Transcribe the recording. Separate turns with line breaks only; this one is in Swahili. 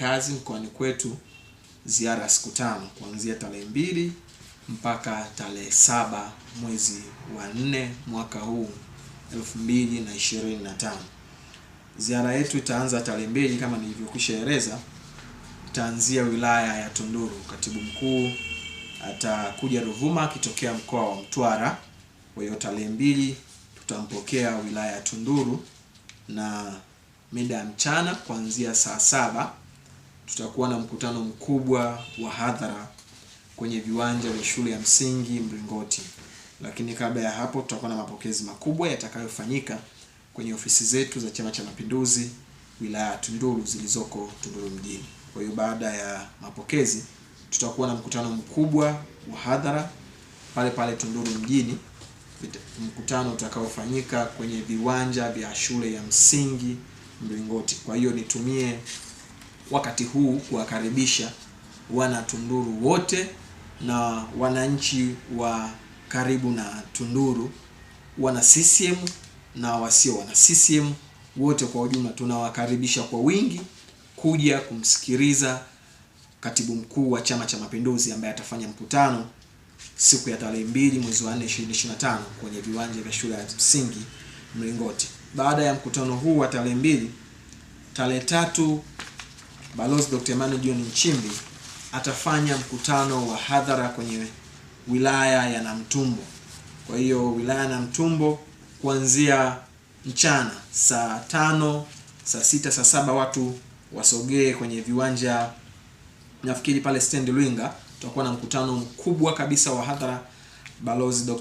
kazi mkoani kwetu ziara ya siku tano kuanzia tarehe mbili mpaka tarehe saba mwezi wa nne mwaka huu elfu mbili na ishirini na tano. Ziara yetu itaanza tarehe mbili kama nilivyokwisha eleza, itaanzia wilaya ya Tunduru. Katibu mkuu atakuja Ruvuma akitokea mkoa wa Mtwara. Kwa hiyo tarehe mbili tutampokea wilaya ya Tunduru na mida ya mchana kuanzia saa saba tutakuwa na mkutano mkubwa wa hadhara kwenye viwanja vya shule ya msingi Mlingoti, lakini kabla ya hapo tutakuwa na mapokezi makubwa yatakayofanyika kwenye ofisi zetu za Chama cha Mapinduzi wilaya ya Tunduru zilizoko Tunduru mjini. Kwa hiyo baada ya mapokezi tutakuwa na mkutano mkubwa wa hadhara pale pale Tunduru mjini, mkutano utakaofanyika kwenye viwanja vya shule ya msingi Mlingoti. Kwa hiyo nitumie wakati huu kuwakaribisha wana Tunduru wote na wananchi wa karibu na Tunduru, wana CCM na wasio wana CCM wote kwa ujumla, tunawakaribisha kwa wingi kuja kumsikiliza katibu mkuu wa Chama cha Mapinduzi ambaye atafanya mkutano siku ya tarehe mbili mwezi wa 4 2025 kwenye viwanja vya shule ya msingi Mlingoti. Baada ya mkutano huu wa tarehe mbili, tarehe tatu Balozi Dr. Emmanuel John Nchimbi atafanya mkutano wa hadhara kwenye wilaya ya Namtumbo. Kwa hiyo wilaya ya Namtumbo kuanzia mchana saa tano, saa sita, saa saba watu wasogee kwenye viwanja, nafikiri pale stend Lwinga tutakuwa na mkutano mkubwa kabisa wa hadhara. Balozi Dr.